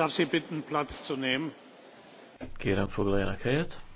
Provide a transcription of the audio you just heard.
darf sie bitten platz zu nehmen. kérem foglaljanak helyet.